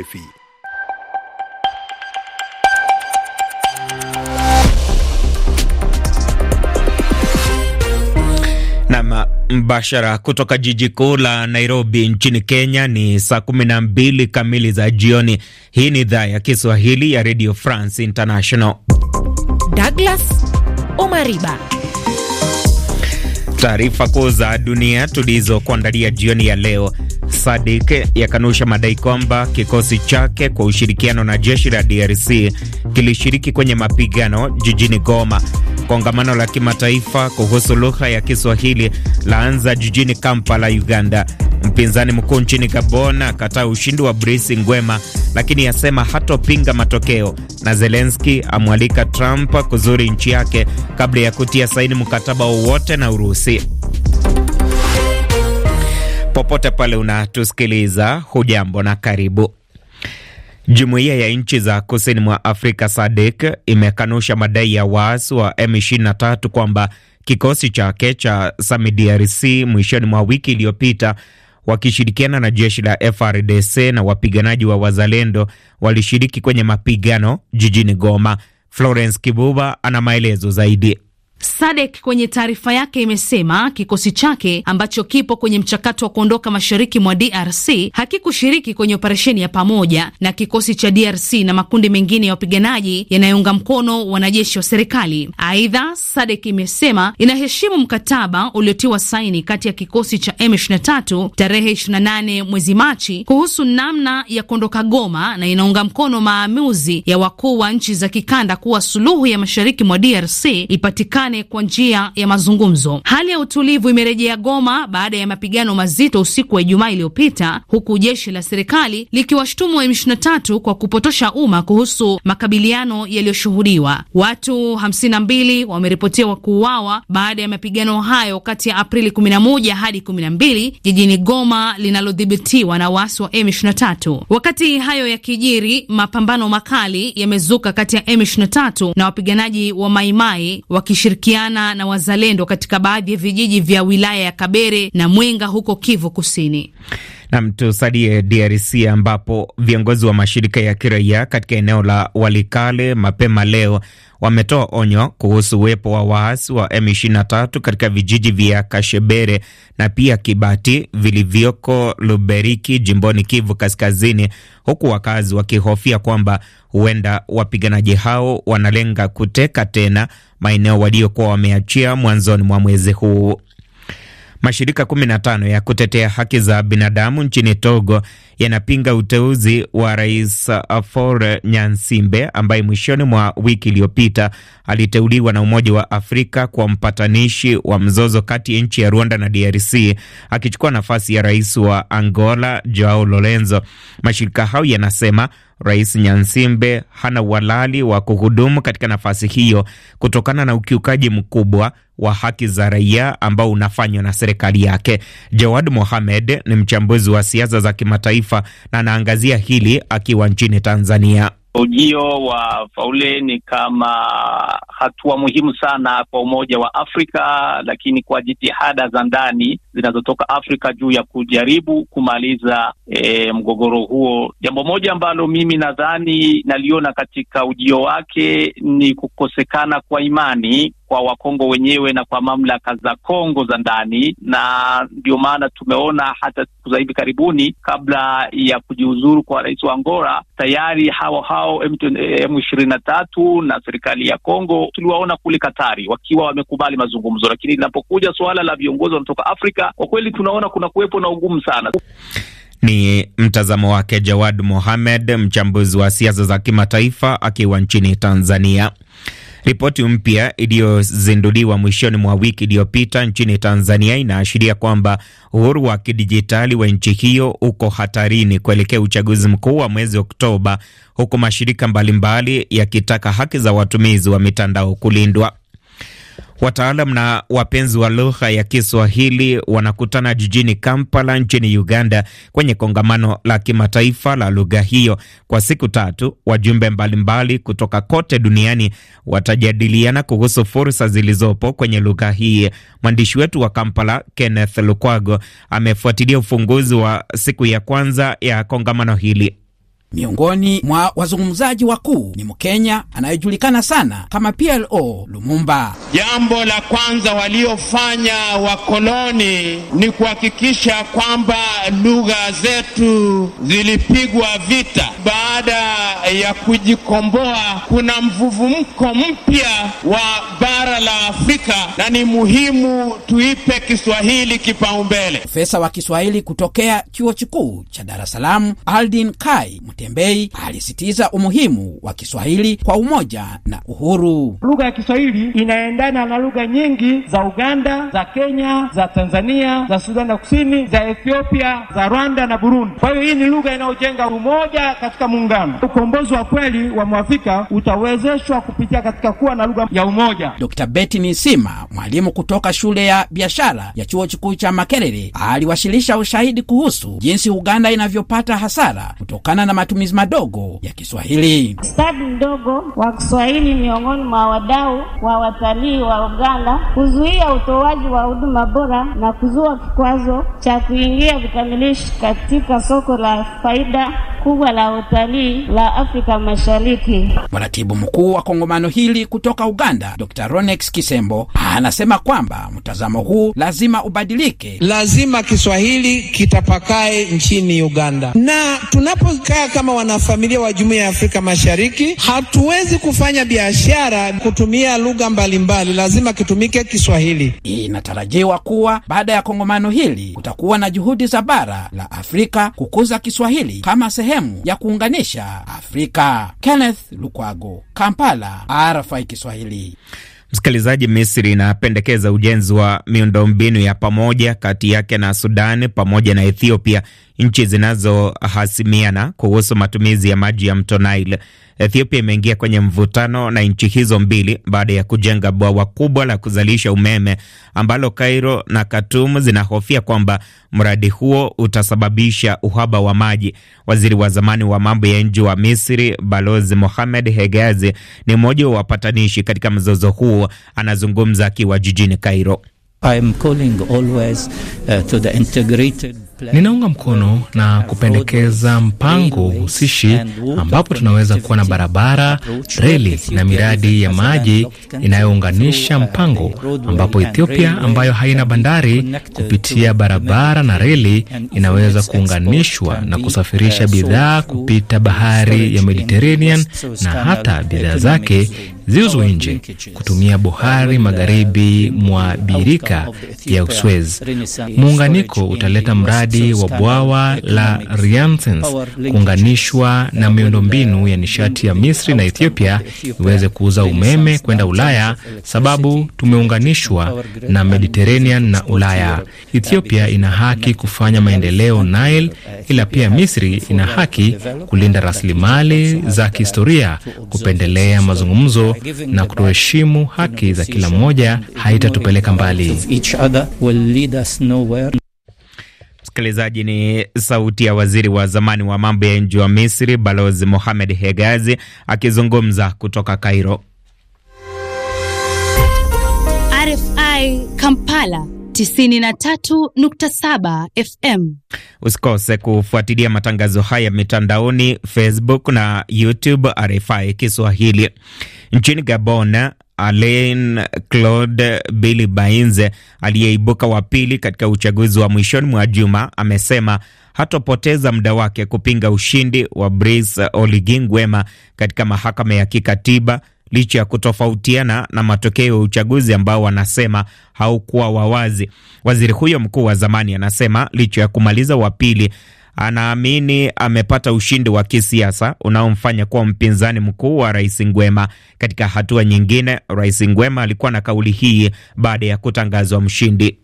RFI. Nam mbashara kutoka jiji kuu la Nairobi nchini Kenya ni saa 12 kamili za jioni. Hii ni idhaa ya Kiswahili ya Radio France International. Douglas Omariba, taarifa kuu za dunia tulizokuandalia jioni ya leo. Sadik yakanusha madai kwamba kikosi chake kwa ushirikiano na jeshi la DRC kilishiriki kwenye mapigano jijini Goma. Kongamano la kimataifa kuhusu lugha ya Kiswahili laanza jijini Kampala, Uganda. Mpinzani mkuu nchini Gabon akataa ushindi wa Brice Ngwema, lakini yasema hatopinga matokeo. Na Zelensky amwalika Trump kuzuri nchi yake kabla ya kutia saini mkataba wowote na Urusi. Popote pale unatusikiliza, hujambo na karibu. Jumuiya ya nchi za kusini mwa Afrika SADC imekanusha madai ya waasi wa M23 kwamba kikosi chake cha SAMIDRC mwishoni mwa wiki iliyopita wakishirikiana na jeshi la FRDC na wapiganaji wa wazalendo walishiriki kwenye mapigano jijini Goma. Florence Kibuba ana maelezo zaidi. SADC kwenye taarifa yake imesema kikosi chake ambacho kipo kwenye mchakato wa kuondoka mashariki mwa DRC hakikushiriki kwenye operesheni ya pamoja na kikosi cha DRC na makundi mengine ya wapiganaji yanayounga mkono wanajeshi wa serikali. Aidha, SADC imesema inaheshimu mkataba uliotiwa saini kati ya kikosi cha M23 tarehe 28 mwezi Machi kuhusu namna ya kuondoka Goma na inaunga mkono maamuzi ya wakuu wa nchi za kikanda kuwa suluhu ya mashariki mwa DRC ipatikane ipatikane kwa njia ya mazungumzo. Hali ya utulivu imerejea Goma baada ya mapigano mazito usiku wa Ijumaa iliyopita, huku jeshi la serikali likiwashutumu M23 kwa kupotosha umma kuhusu makabiliano yaliyoshuhudiwa. Watu 52 wameripotiwa kuuawa baada ya mapigano hayo kati ya Aprili 11 hadi 12 jijini Goma linalodhibitiwa na waasi wa M23. Wakati hayo yakijiri, mapambano makali yamezuka kati ya M23 na wapiganaji wa Maimai wakishiriki kushirikiana na wazalendo katika baadhi ya vijiji vya wilaya ya Kabere na Mwenga huko Kivu Kusini. Nam, tusalie DRC ambapo viongozi wa mashirika ya kiraia katika eneo la Walikale mapema leo wametoa onyo kuhusu uwepo wa waasi wa M23 katika vijiji vya Kashebere na pia Kibati vilivyoko Luberiki jimboni Kivu Kaskazini, huku wakazi wakihofia kwamba huenda wapiganaji hao wanalenga kuteka tena maeneo waliokuwa wameachia mwanzoni mwa mwezi huu. Mashirika 15 ya kutetea haki za binadamu nchini Togo yanapinga uteuzi wa Rais uh, Faure Nyansimbe ambaye mwishoni mwa wiki iliyopita aliteuliwa na Umoja wa Afrika kwa mpatanishi wa mzozo kati ya nchi ya Rwanda na DRC akichukua nafasi ya rais wa Angola Joao Lorenzo. Mashirika hayo yanasema Rais Nyansimbe hana uhalali wa kuhudumu katika nafasi hiyo kutokana na ukiukaji mkubwa wa haki za raia ambao unafanywa na serikali yake. Jawad Mohamed ni mchambuzi wa siasa za kimataifa kimataifa, na anaangazia hili akiwa nchini Tanzania. Ujio wa Faule ni kama hatua muhimu sana kwa Umoja wa Afrika, lakini kwa jitihada za ndani zinazotoka Afrika juu ya kujaribu kumaliza e, mgogoro huo. Jambo moja ambalo mimi nadhani naliona katika ujio wake ni kukosekana kwa imani kwa Wakongo wenyewe na kwa mamlaka za Kongo za ndani, na ndio maana tumeona hata siku za hivi karibuni kabla ya kujiuzuru kwa rais wa Angola, tayari hao hao M eh, ishirini na tatu na serikali ya Kongo tuliwaona kule Katari wakiwa wamekubali mazungumzo, lakini linapokuja suala la viongozi wanatoka Afrika Afrika, kwa kweli tunaona kuna kuwepo na ugumu sana. Ni mtazamo wake Jawad Mohamed, mchambuzi wa siasa za kimataifa akiwa nchini Tanzania. Ripoti mpya iliyozinduliwa mwishoni mwa wiki iliyopita nchini Tanzania inaashiria kwamba uhuru wa kidijitali wa nchi hiyo uko hatarini kuelekea uchaguzi mkuu wa mwezi Oktoba, huku mashirika mbalimbali yakitaka haki za watumizi wa mitandao kulindwa. Wataalam na wapenzi wa lugha ya Kiswahili wanakutana jijini Kampala nchini Uganda kwenye kongamano la kimataifa la lugha hiyo. Kwa siku tatu, wajumbe mbalimbali kutoka kote duniani watajadiliana kuhusu fursa zilizopo kwenye lugha hii. Mwandishi wetu wa Kampala Kenneth Lukwago amefuatilia ufunguzi wa siku ya kwanza ya kongamano hili. Miongoni mwa wazungumzaji wakuu ni Mkenya anayejulikana sana kama PLO Lumumba. Jambo la kwanza waliofanya wakoloni ni kuhakikisha kwamba lugha zetu zilipigwa vita baada ya kujikomboa, kuna mvuvumko mpya wa bara la Afrika na ni muhimu tuipe Kiswahili kipaumbele. Profesa wa Kiswahili kutokea chuo kikuu cha Dar es Salaam Aldin Kai Mtembei alisitiza umuhimu wa Kiswahili kwa umoja na uhuru. Lugha ya Kiswahili inaendana na lugha nyingi za Uganda, za Kenya, za Tanzania, za Sudani Kusini, za Ethiopia, za Rwanda na Burundi. Kwa hiyo hii ni lugha inayojenga umoja katika muungano Ukombo Uongozi wa kweli wa mwafrika utawezeshwa kupitia katika kuwa na lugha ya umoja. Dr. Betty Nisima, mwalimu kutoka shule ya biashara ya chuo kikuu cha Makerere, aliwasilisha ushahidi kuhusu jinsi Uganda inavyopata hasara kutokana na matumizi madogo ya Kiswahili. Stadi mdogo wa Kiswahili miongoni mwa wadau wa watalii wa Uganda kuzuia utoaji wa huduma bora na kuzua kikwazo cha kuingia vikamilishi katika soko la faida kubwa la utalii la Afrika Mashariki. Mratibu mkuu wa kongamano hili kutoka Uganda, Dr. Ronex Kisembo, anasema kwamba mtazamo huu lazima ubadilike. Lazima Kiswahili kitapakae nchini Uganda, na tunapokaa kama wanafamilia wa Jumuiya ya Afrika Mashariki hatuwezi kufanya biashara kutumia lugha mbalimbali, lazima kitumike Kiswahili. Inatarajiwa kuwa baada ya kongamano hili kutakuwa na juhudi za bara la Afrika kukuza Kiswahili kama sehemu sehemu ya kuunganisha Afrika. Kenneth Lukwago, Kampala, RFI Kiswahili. Msikilizaji, Misri inapendekeza ujenzi wa miundombinu ya pamoja kati yake na Sudani pamoja na Ethiopia, nchi zinazohasimiana kuhusu matumizi ya maji ya mto Nile. Ethiopia imeingia kwenye mvutano na nchi hizo mbili baada ya kujenga bwawa kubwa la kuzalisha umeme ambalo Cairo na Khartoum zinahofia kwamba mradi huo utasababisha uhaba wa maji. Waziri wa zamani wa mambo ya nje wa Misri Balozi Mohamed Hegazi ni mmoja wa wapatanishi katika mzozo huo, anazungumza akiwa jijini Cairo. I am calling always, uh, to the integrated Ninaunga mkono na kupendekeza mpango husishi ambapo tunaweza kuwa na barabara, reli na miradi ya maji inayounganisha mpango, ambapo Ethiopia ambayo haina bandari, kupitia barabara na reli inaweza kuunganishwa na kusafirisha bidhaa kupita bahari ya Mediterranean na hata bidhaa zake Ziuzu nje kutumia bohari magharibi mwa birika ya uswez Muunganiko utaleta mradi wa bwawa la Riansens kuunganishwa na miundombinu ya nishati ya Misri na Ethiopia iweze kuuza umeme kwenda Ulaya, sababu tumeunganishwa na Mediterranean na Ulaya. Ethiopia ina haki kufanya maendeleo Nile, ila pia Misri ina haki kulinda rasilimali za kihistoria, kupendelea mazungumzo na kutoheshimu haki za kila mmoja haitatupeleka mbali. Msikilizaji, ni sauti ya waziri wa zamani wa mambo ya nje wa Misri, Balozi Mohamed Hegazi akizungumza kutoka Kairo. RFI Kampala 93.7 FM. Usikose kufuatilia matangazo haya mitandaoni Facebook na YouTube RFI Kiswahili. Nchini Gabon, Alain Claude Billy Bainze aliyeibuka wa pili katika uchaguzi wa mwishoni mwa juma amesema hatopoteza muda wake kupinga ushindi wa Brice Oligui Nguema katika mahakama ya kikatiba licha ya kutofautiana na matokeo ya uchaguzi ambao wanasema haukuwa wawazi. Waziri huyo mkuu wa zamani anasema licha ya kumaliza wa pili anaamini amepata ushindi wa kisiasa unaomfanya kuwa mpinzani mkuu wa rais Ngwema. Katika hatua nyingine, rais Ngwema alikuwa na kauli hii baada ya kutangazwa mshindi.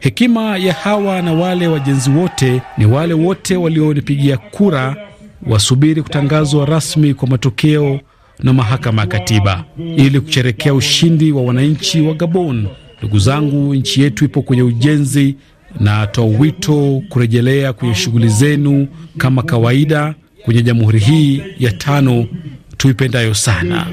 Hekima ya hawa na wale wajenzi wote ni wale wote walionipigia kura wasubiri kutangazwa rasmi kwa matokeo na mahakama ya katiba ili kusherekea ushindi wa wananchi wa Gabon. Ndugu zangu, nchi yetu ipo kwenye ujenzi, na toa wito kurejelea kwenye shughuli zenu kama kawaida kwenye jamhuri hii ya tano tuipendayo sana.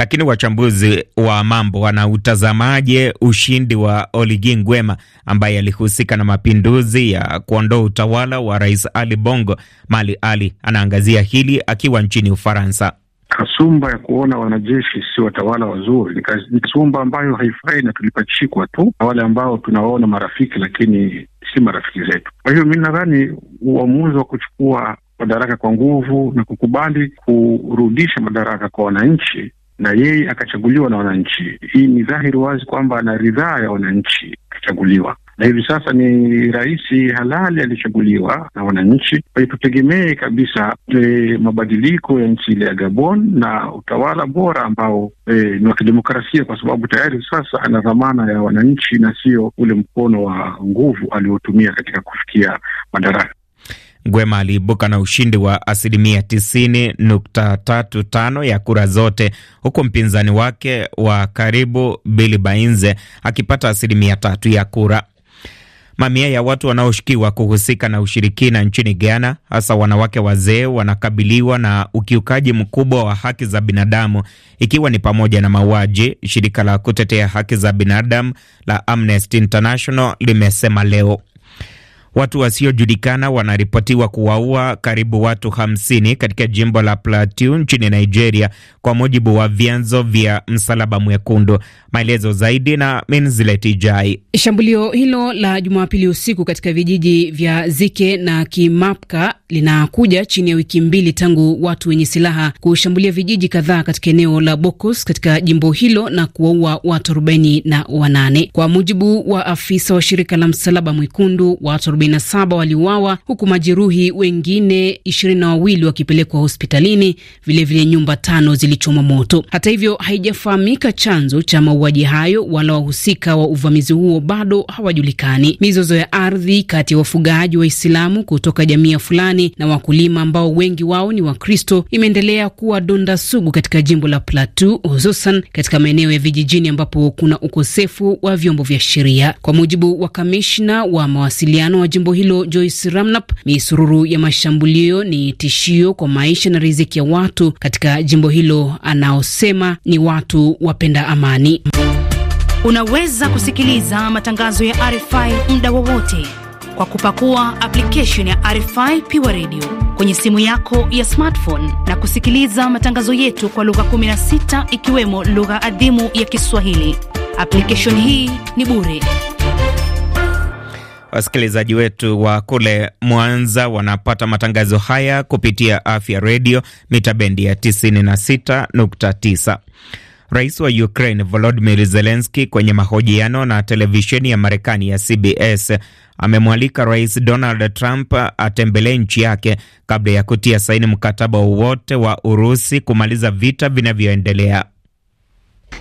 Lakini wachambuzi wa mambo wanautazamaje ushindi wa Oligi Nguema ambaye alihusika na mapinduzi ya kuondoa utawala wa Rais Ali Bongo? Mali Ali anaangazia hili akiwa nchini Ufaransa. Kasumba ya kuona wanajeshi si watawala wazuri ni kasumba ambayo haifai na tulipachikwa tu na wale ambao tunawaona marafiki lakini si marafiki zetu. Kwa hiyo mi nadhani uamuzi wa kuchukua madaraka kwa nguvu na kukubali kurudisha madaraka kwa wananchi na yeye akachaguliwa na wananchi. Hii ni dhahiri wazi kwamba ana ridhaa ya wananchi akachaguliwa, na hivi sasa ni rais halali aliyechaguliwa na wananchi. Kwa hiyo tutegemee kabisa e, mabadiliko ya nchi ile ya Gabon na utawala bora ambao e, ni wa kidemokrasia, kwa sababu tayari sasa ana dhamana ya wananchi na sio ule mkono wa nguvu aliotumia katika kufikia madaraka. Gwema aliibuka na ushindi wa asilimia 90.35 ya kura zote huku mpinzani wake wa karibu Bili Bainze akipata asilimia tatu ya kura. Mamia ya watu wanaoshukiwa kuhusika na ushirikina nchini Ghana, hasa wanawake wazee, wanakabiliwa na ukiukaji mkubwa wa haki za binadamu, ikiwa ni pamoja na mauaji. Shirika la kutetea haki za binadamu la Amnesty International limesema leo. Watu wasiojulikana wanaripotiwa kuwaua karibu watu hamsini katika jimbo la Plateau nchini Nigeria, kwa mujibu wa vyanzo vya Msalaba Mwekundu. Maelezo zaidi na Minzilet Ijai. Shambulio hilo la Jumapili usiku katika vijiji vya Zike na Kimapka linakuja chini ya wiki mbili tangu watu wenye silaha kushambulia vijiji kadhaa katika eneo la Bokos katika jimbo hilo na kuwaua watu arobaini na wanane kwa mujibu wa afisa wa shirika la Msalaba Mwekundu watu 47 waliuawa huku majeruhi wengine 22 wakipelekwa hospitalini. Vilevile vile nyumba tano zilichoma moto. Hata hivyo, haijafahamika chanzo cha mauaji hayo wala wahusika wa uvamizi huo bado hawajulikani. Mizozo ya ardhi kati ya wafugaji Waislamu kutoka jamii fulani na wakulima ambao wengi wao ni Wakristo imeendelea kuwa donda sugu katika jimbo la Plateau, hususan katika maeneo ya vijijini ambapo kuna ukosefu wa vyombo vya sheria. Kwa mujibu wa kamishna wa mawasiliano wa jimbo hilo Joyce Ramnap, misururu ya mashambulio ni tishio kwa maisha na riziki ya watu katika jimbo hilo anaosema ni watu wapenda amani. Unaweza kusikiliza matangazo ya RFI muda wowote kwa kupakua application ya RFI Pure Radio kwenye simu yako ya smartphone na kusikiliza matangazo yetu kwa lugha 16 ikiwemo lugha adhimu ya Kiswahili. Application hii ni bure wasikilizaji wetu wa kule Mwanza wanapata matangazo haya kupitia Afya Redio mita bendi ya 96.9. Rais wa Ukraine volodimir zelenski kwenye mahojiano na televisheni ya Marekani ya CBS amemwalika Rais Donald Trump atembelee nchi yake kabla ya kutia saini mkataba wowote wa Urusi kumaliza vita vinavyoendelea.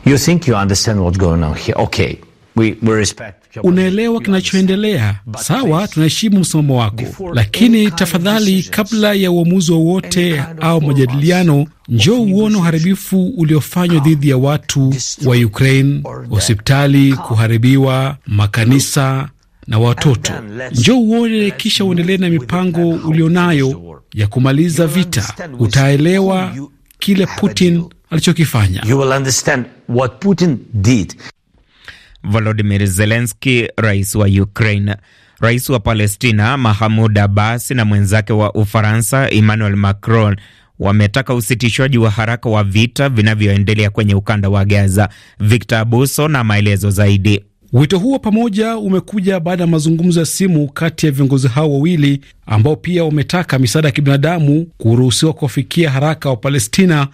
You think you understand what's going on here. Okay. We, we respect unaelewa kinachoendelea. Sawa, tunaheshimu msimamo wako, lakini tafadhali, kabla ya uamuzi wowote au majadiliano, njoo uone uharibifu uliofanywa dhidi ya watu wa Ukraine, hospitali kuharibiwa, makanisa na watoto. Njoo uone, kisha uendelee na mipango ulionayo ya kumaliza vita. Utaelewa kile Putin alichokifanya. Volodimir Zelenski, rais wa Ukraine. Rais wa Palestina Mahamud Abbas na mwenzake wa Ufaransa Emmanuel Macron wametaka usitishwaji wa haraka wa vita vinavyoendelea kwenye ukanda wa Gaza. Victor Abuso na maelezo zaidi. Wito huo pamoja umekuja baada ya mazungumzo ya simu kati ya viongozi hao wawili ambao pia wametaka misaada ya kibinadamu kuruhusiwa kuwafikia haraka wa palestina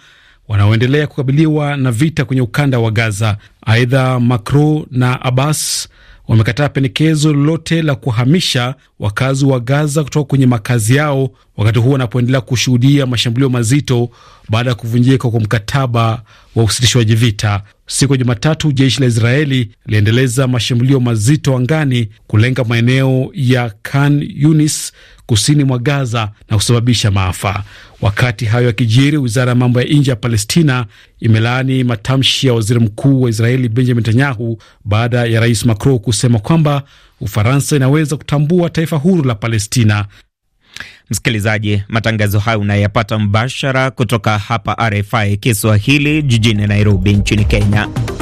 wanaoendelea kukabiliwa na vita kwenye ukanda wa Gaza. Aidha, Macron na Abbas wamekataa pendekezo lolote la kuhamisha wakazi wa Gaza kutoka kwenye makazi yao wakati huo anapoendelea kushuhudia mashambulio mazito baada ya kuvunjika kwa mkataba wa usitishwaji vita. Siku ya Jumatatu, jeshi la Israeli liliendeleza mashambulio mazito angani kulenga maeneo ya Khan Yunis kusini mwa Gaza na kusababisha maafa. Wakati hayo yakijiri, wizara ya mambo ya nje ya Palestina imelaani matamshi ya waziri mkuu wa Israeli Benjamin Netanyahu baada ya rais Macron kusema kwamba Ufaransa inaweza kutambua taifa huru la Palestina. Msikilizaji, matangazo hayo unayapata mbashara kutoka hapa RFI Kiswahili jijini Nairobi nchini Kenya.